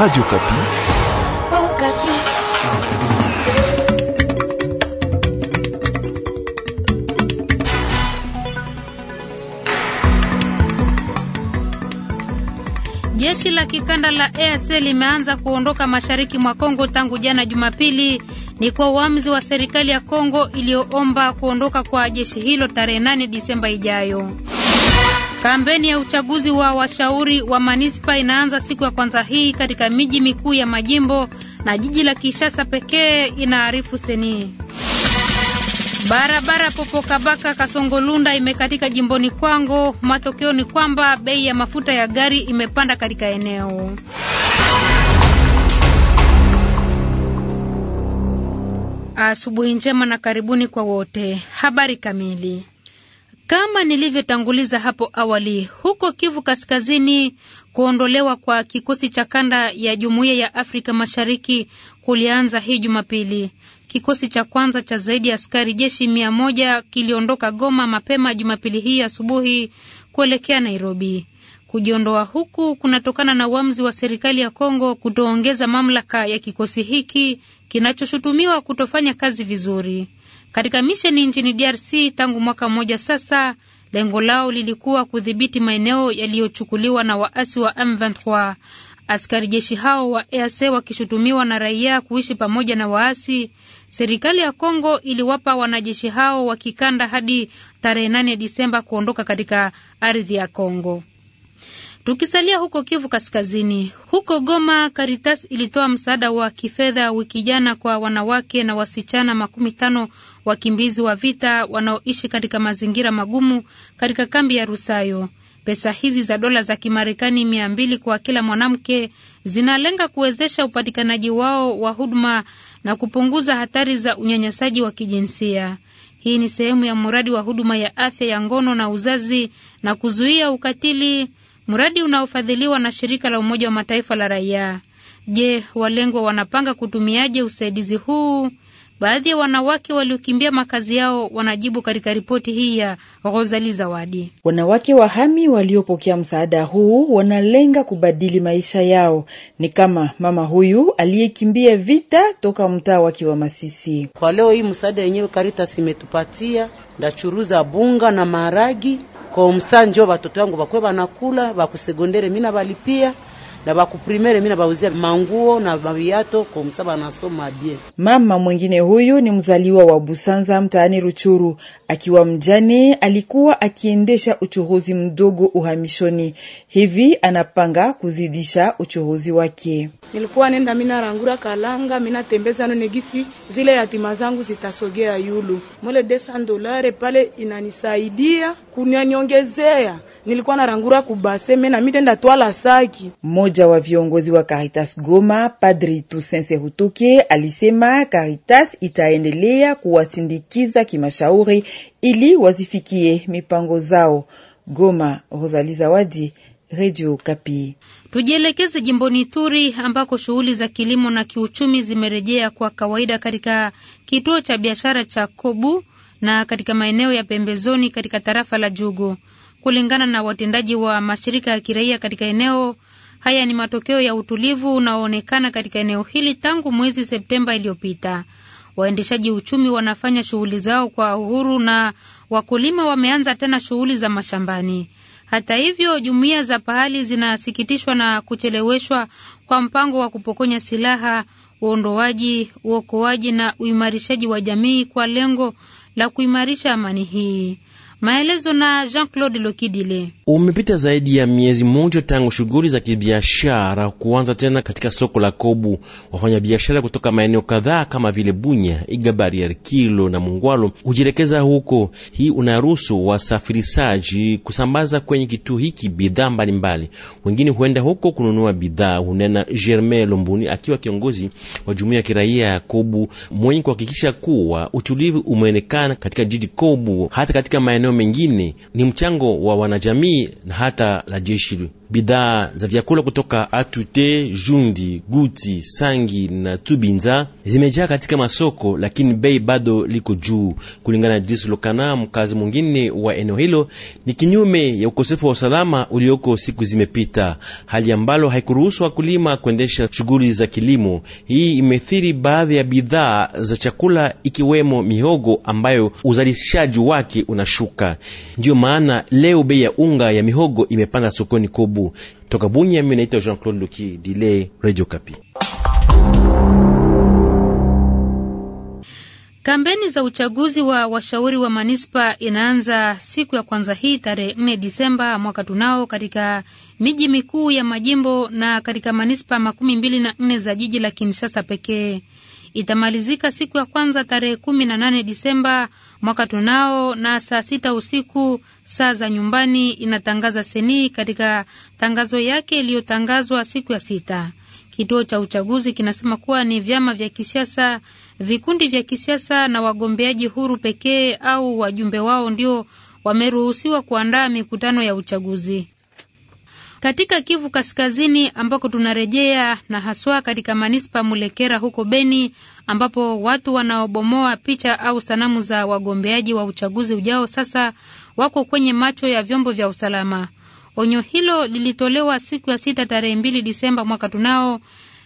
Radio Okapi. Oh, jeshi la kikanda la EAC limeanza kuondoka mashariki mwa Kongo tangu jana Jumapili. Ni kwa uamuzi wa serikali ya Kongo iliyoomba kuondoka kwa jeshi hilo tarehe 8 Disemba ijayo. Kampeni ya uchaguzi wa washauri wa manispa inaanza siku ya kwanza hii katika miji mikuu ya majimbo na jiji la Kinshasa pekee, inaarifu Seni. Barabara Popokabaka Kasongolunda imekatika jimboni Kwango. Matokeo ni kwamba bei ya mafuta ya gari imepanda katika eneo. Asubuhi njema na karibuni kwa wote. Habari kamili kama nilivyotanguliza hapo awali, huko Kivu Kaskazini, kuondolewa kwa kikosi cha kanda ya Jumuiya ya Afrika Mashariki kulianza hii Jumapili. Kikosi cha kwanza cha zaidi ya askari jeshi mia moja kiliondoka Goma mapema Jumapili hii asubuhi kuelekea Nairobi. Kujiondoa huku kunatokana na uamuzi wa serikali ya Kongo kutoongeza mamlaka ya kikosi hiki kinachoshutumiwa kutofanya kazi vizuri katika misheni nchini DRC tangu mwaka mmoja sasa. Lengo lao lilikuwa kudhibiti maeneo yaliyochukuliwa na waasi wa M23. Askari jeshi hao wa EAC wakishutumiwa na raia kuishi pamoja na waasi. Serikali ya Kongo iliwapa wanajeshi hao wa kikanda hadi tarehe 8 Disemba kuondoka katika ardhi ya Kongo. Tukisalia huko Kivu Kaskazini, huko Goma, Caritas ilitoa msaada wa kifedha wiki jana kwa wanawake na wasichana makumi tano wakimbizi wa vita wanaoishi katika mazingira magumu katika kambi ya Rusayo. Pesa hizi za dola za Kimarekani mia mbili kwa kila mwanamke zinalenga kuwezesha upatikanaji wao wa huduma na kupunguza hatari za unyanyasaji wa kijinsia. Hii ni sehemu ya mradi wa huduma ya afya ya ngono na uzazi na kuzuia ukatili mradi unaofadhiliwa na shirika la Umoja wa Mataifa la raia. Je, walengwa wanapanga kutumiaje usaidizi huu? Baadhi ya wanawake waliokimbia makazi yao wanajibu katika ripoti hii ya Rosali Zawadi. Wanawake wahami waliopokea msaada huu wanalenga kubadili maisha yao, ni kama mama huyu aliyekimbia vita toka mtaa wa Masisi. Kwa leo hii msaada yenyewe Karitas imetupatia ndachuruza bunga na maharagi kwa msaa njo batoto yangu bakwe banakula bakusegondere mina balipia na bakuprimere mimi nabauzia manguo na maviato komsa banasoma bien. Mama mwingine huyu ni mzaliwa wa Busanza mtaani Ruchuru, akiwa mjane alikuwa akiendesha uchuruzi mdogo uhamishoni, hivi anapanga kuzidisha uchuruzi wake. Nilikuwa nenda mimi rangura kalanga, mimi natembeza no negisi zile yatima zangu zitasogea yulu mole desa dolare pale inanisaidia kunyanyongezea. Nilikuwa narangura kubase mimi na mimi tenda twala saki moja mmoja wa viongozi wa Caritas Goma, Padri Tusense Rutuke, alisema Caritas itaendelea kuwasindikiza kimashauri ili wazifikie mipango zao. Goma, Rosali Zawadi, Radio Kapi. Tujielekeze jimboni turi ambako shughuli za kilimo na kiuchumi zimerejea kwa kawaida katika kituo cha biashara cha Kobu na katika maeneo ya pembezoni katika tarafa la Jugu. Kulingana na watendaji wa mashirika ya kiraia katika eneo, Haya ni matokeo ya utulivu unaoonekana katika eneo hili tangu mwezi Septemba iliyopita. Waendeshaji uchumi wanafanya shughuli zao kwa uhuru na wakulima wameanza tena shughuli za mashambani. Hata hivyo, jumuiya za pahali zinasikitishwa na kucheleweshwa kwa mpango wa kupokonya silaha, uondoaji, uokoaji na uimarishaji wa jamii kwa lengo la kuimarisha amani hii. Maelezo na Jean-Claude Lokidile. Umepita zaidi ya miezi moja tangu shughuli za kibiashara kuanza tena katika soko la Kobu. Wafanyabiashara kutoka maeneo kadhaa kama vile Bunya, Igabarier, Kilo na Mungwalo hujielekeza huko. Hii unaruhusu wasafirishaji kusambaza kwenye kituo hiki bidhaa mbalimbali, wengine huenda huko kununua bidhaa, hunena Germain Lombuni akiwa kiongozi wa jumuiya ya kiraia ya Kobu mwenye kuhakikisha kuwa utulivu umeonekana katika jiji Kobu hata katika maeneo mengine ni mchango wa wanajamii na hata la jeshi. Bidhaa za vyakula kutoka Atute, Jundi, Guti, Sangi na Tubinza zimejaa katika masoko, lakini bei bado liko juu. Kulingana na Idris Lokana, mkazi mwingine wa eneo hilo, ni kinyume ya ukosefu wa usalama ulioko siku zimepita, hali ambalo haikuruhusu wakulima kuendesha shughuli za kilimo. Hii imethiri baadhi ya bidhaa za chakula ikiwemo mihogo ambayo uzalishaji wake unashuka kushuka. Ndiyo maana leo bei ya unga ya mihogo imepanda sokoni kobu. Toka Bunya, mimi naitwa Jean-Claude Luki Dile, Radio Kapi. Kampeni za uchaguzi wa washauri wa manispa inaanza siku ya kwanza hii tarehe 4 Disemba mwaka tunao katika miji mikuu ya majimbo na katika manispa makumi mbili na nne za jiji la Kinshasa pekee itamalizika siku ya kwanza tarehe kumi na nane Disemba mwaka tunao na saa sita usiku saa za nyumbani, inatangaza Seni katika tangazo yake iliyotangazwa siku ya sita. Kituo cha uchaguzi kinasema kuwa ni vyama vya kisiasa, vikundi vya kisiasa na wagombeaji huru pekee au wajumbe wao ndio wameruhusiwa kuandaa mikutano ya uchaguzi katika Kivu Kaskazini ambako tunarejea na haswa katika manispa Mulekera huko Beni, ambapo watu wanaobomoa picha au sanamu za wagombeaji wa uchaguzi ujao sasa wako kwenye macho ya vyombo vya usalama. Onyo hilo lilitolewa siku ya sita tarehe mbili Disemba mwaka tunao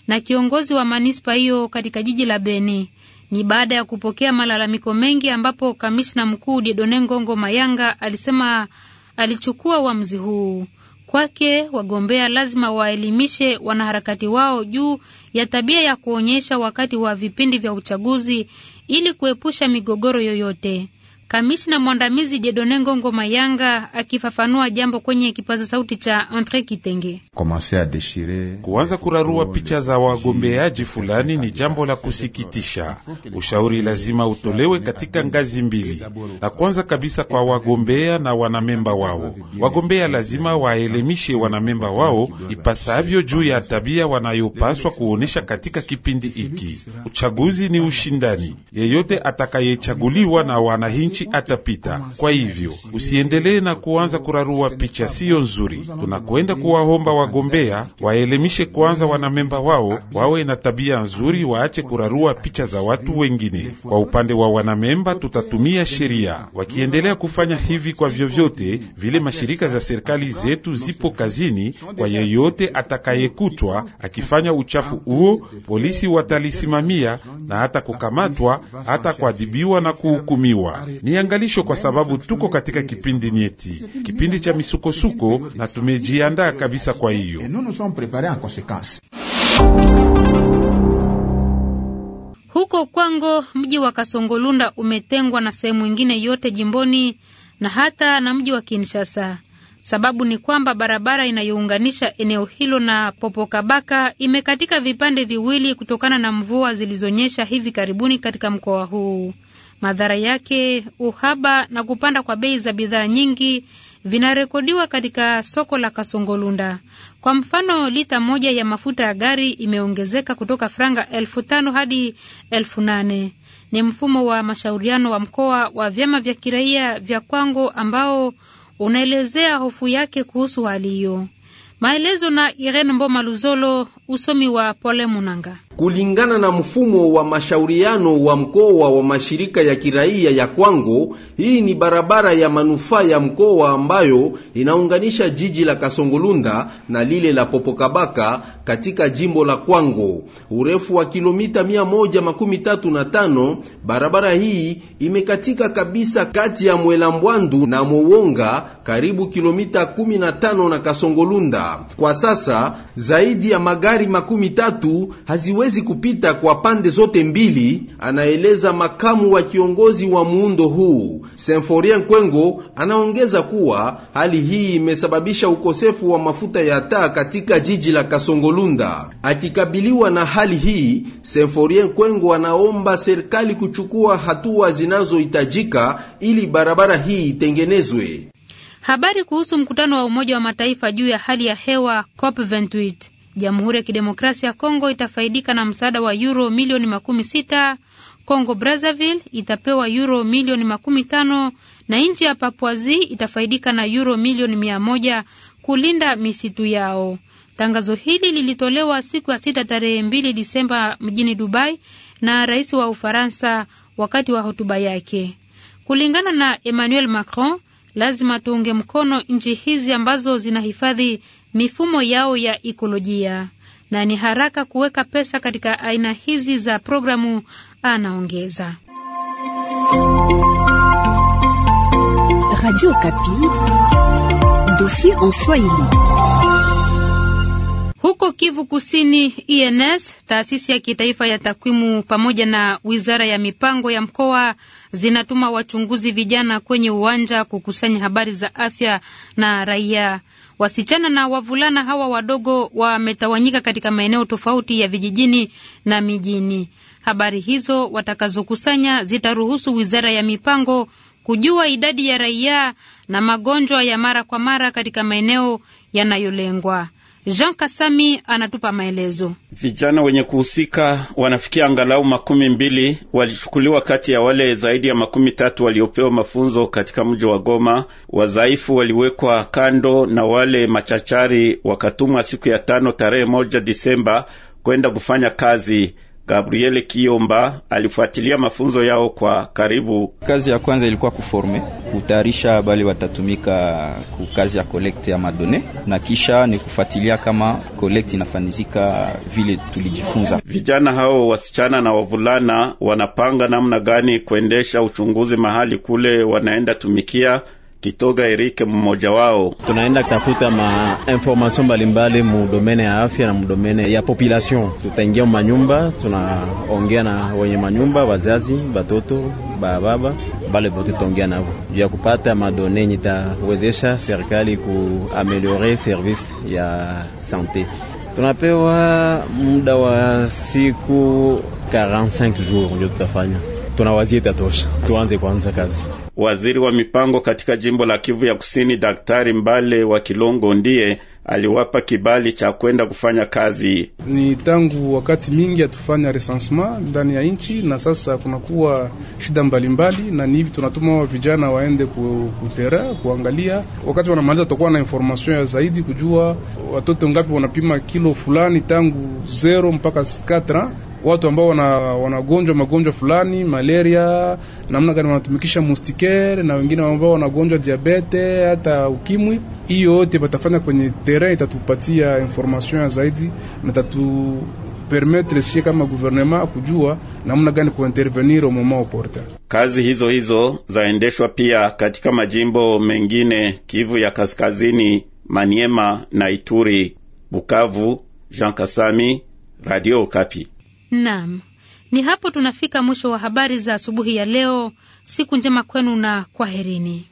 na kiongozi wa manispa hiyo katika jiji la Beni. Ni baada ya kupokea malalamiko mengi, ambapo kamishna mkuu Dieudonne Ngongo Mayanga alisema alichukua uamuzi huu. Kwake wagombea lazima waelimishe wanaharakati wao juu ya tabia ya kuonyesha wakati wa vipindi vya uchaguzi ili kuepusha migogoro yoyote. Kamishna mwandamizi Jedone Ngongo Mayanga akifafanua jambo kwenye kipaza sauti cha Entre Kitenge. Kuanza kurarua picha za wagombeaji fulani ni jambo la kusikitisha. Ushauri lazima utolewe katika ngazi mbili. La kwanza kabisa kwa wagombea na wanamemba wao. Wagombea lazima waelimishe wanamemba wao ipasavyo juu ya tabia wanayopaswa kuonesha katika kipindi hiki. Uchaguzi ni ushindani. Yeyote atakayechaguliwa na wananchi machi atapita. Kwa hivyo usiendelee na kuanza kurarua picha, siyo nzuri. Tunakwenda kuwaomba wagombea waelemishe kwanza wanamemba wao, wawe na tabia nzuri, waache kurarua picha za watu wengine. Kwa upande wa wanamemba, tutatumia sheria. Wakiendelea kufanya hivi kwa vyovyote vile, mashirika za serikali zetu zipo kazini kwa yeyote atakayekutwa akifanya uchafu huo, polisi watalisimamia na hata kukamatwa, hata kuadhibiwa na kuhukumiwa ni angalisho kwa sababu tuko katika kipindi nyeti, kipindi cha misukosuko, na tumejiandaa kabisa kwa hiyo. Huko Kwango, mji wa Kasongolunda umetengwa na sehemu ingine yote jimboni na hata na mji wa Kinshasa. Sababu ni kwamba barabara inayounganisha eneo hilo na Popokabaka imekatika vipande viwili kutokana na mvua zilizonyesha hivi karibuni katika mkoa huu. Madhara yake, uhaba na kupanda kwa bei za bidhaa nyingi vinarekodiwa katika soko la Kasongolunda. Kwa mfano, lita moja ya mafuta ya gari imeongezeka kutoka franga elfu tano hadi elfu nane. Ni mfumo wa mashauriano wa mkoa wa vyama vya kiraia vya Kwango ambao unaelezea hofu yake kuhusu hali hiyo. Maelezo na Irene Mboma Luzolo, usomi wa Pole Munanga. Kulingana na mfumo wa mashauriano wa mkoa wa mashirika ya kiraia ya Kwango, hii ni barabara ya manufaa ya mkoa ambayo inaunganisha jiji la Kasongolunda na lile la Popokabaka katika jimbo la Kwango, urefu wa kilomita 135. Barabara hii imekatika kabisa kati ya Mwelambwandu na mowonga karibu kilomita 15 na Kasongolunda. Kwa sasa zaidi ya magari makumi tatu haziwe hawezi kupita kwa pande zote mbili, anaeleza makamu wa kiongozi wa muundo huu. Symphorien Kwengo anaongeza kuwa hali hii imesababisha ukosefu wa mafuta ya taa katika jiji la Kasongolunda. Akikabiliwa na hali hii, Symphorien Kwengo anaomba serikali kuchukua hatua zinazohitajika ili barabara hii itengenezwe. Habari kuhusu mkutano wa Umoja wa Mataifa juu ya hali ya hewa COP28. Jamhuri ya Kidemokrasia ya Kongo itafaidika na msaada wa yuro milioni makumi sita. Kongo Brazzaville itapewa euro milioni makumi tano na nchi ya Papuazi itafaidika na yuro milioni mia moja kulinda misitu yao. Tangazo hili lilitolewa siku ya sita tarehe mbili Disemba mjini Dubai na rais wa Ufaransa wakati wa hotuba yake. Kulingana na Emmanuel Macron, lazima tuunge mkono nchi hizi ambazo zinahifadhi mifumo yao ya ikolojia na ni haraka kuweka pesa katika aina hizi za programu, anaongeza. Radio Kapi, en Swahili. Huko Kivu Kusini, ens taasisi ya kitaifa ya takwimu pamoja na wizara ya mipango ya mkoa zinatuma wachunguzi vijana kwenye uwanja kukusanya habari za afya na raia. Wasichana na wavulana hawa wadogo wametawanyika katika maeneo tofauti ya vijijini na mijini. Habari hizo watakazokusanya zitaruhusu wizara ya mipango kujua idadi ya raia na magonjwa ya mara kwa mara katika maeneo yanayolengwa. Jean Kasami anatupa maelezo. Vijana wenye kuhusika wanafikia angalau makumi mbili walichukuliwa kati ya wale zaidi ya makumi tatu waliopewa mafunzo katika mji wa Goma. Wazaifu waliwekwa kando na wale machachari wakatumwa siku ya tano tarehe moja Disemba kwenda kufanya kazi. Gabriel Kiomba alifuatilia mafunzo yao kwa karibu. Kazi ya kwanza ilikuwa kuforme kutayarisha bale watatumika kukazi ya kolekte ya madone, na kisha ni kufuatilia kama kolekte inafanizika vile tulijifunza. Vijana hao wasichana na wavulana wanapanga namna gani kuendesha uchunguzi mahali kule wanaenda tumikia Kitoga Erike mmoja wao, tunaenda kutafuta ma information mbalimbali mu domaine ya afya na mu domaine ya population. Tutaingia manyumba, tunaongea na wenye manyumba, wazazi, batoto, bababa bale bote tutaongea navo juu ya kupata madone yenye itawezesha serikali kuameliore service ya sante. Tunapewa muda wa siku 45 jours ndio tutafanya, tunawazia tatosha, tuanze kwanza kazi Waziri wa mipango katika jimbo la Kivu ya Kusini, Daktari Mbale wa Kilongo ndiye aliwapa kibali cha kwenda kufanya kazi. Ni tangu wakati mingi hatufanya recensement ndani ya nchi, na sasa kunakuwa shida mbalimbali mbali, na ni hivi tunatuma wa vijana waende kutera kuangalia. Wakati wanamaliza tutakuwa na information ya zaidi kujua watoto ngapi wanapima kilo fulani tangu zero mpaka 4 watu ambao wanagonjwa magonjwa fulani malaria, namna gani wanatumikisha mustikere, na wengine ambao wanagonjwa diabete hata ukimwi. Hiyo yote patafanya kwenye terrain, itatupatia information ya zaidi na tatu permettre sie kama gouvernement kujua namna gani kuintervenir au moment opportun. Kazi hizo hizo zaendeshwa pia katika majimbo mengine, Kivu ya Kaskazini, Maniema na Ituri. Bukavu, Jean Kasami, Radio Kapi. Naam, ni hapo tunafika mwisho wa habari za asubuhi ya leo. Siku njema kwenu na kwaherini.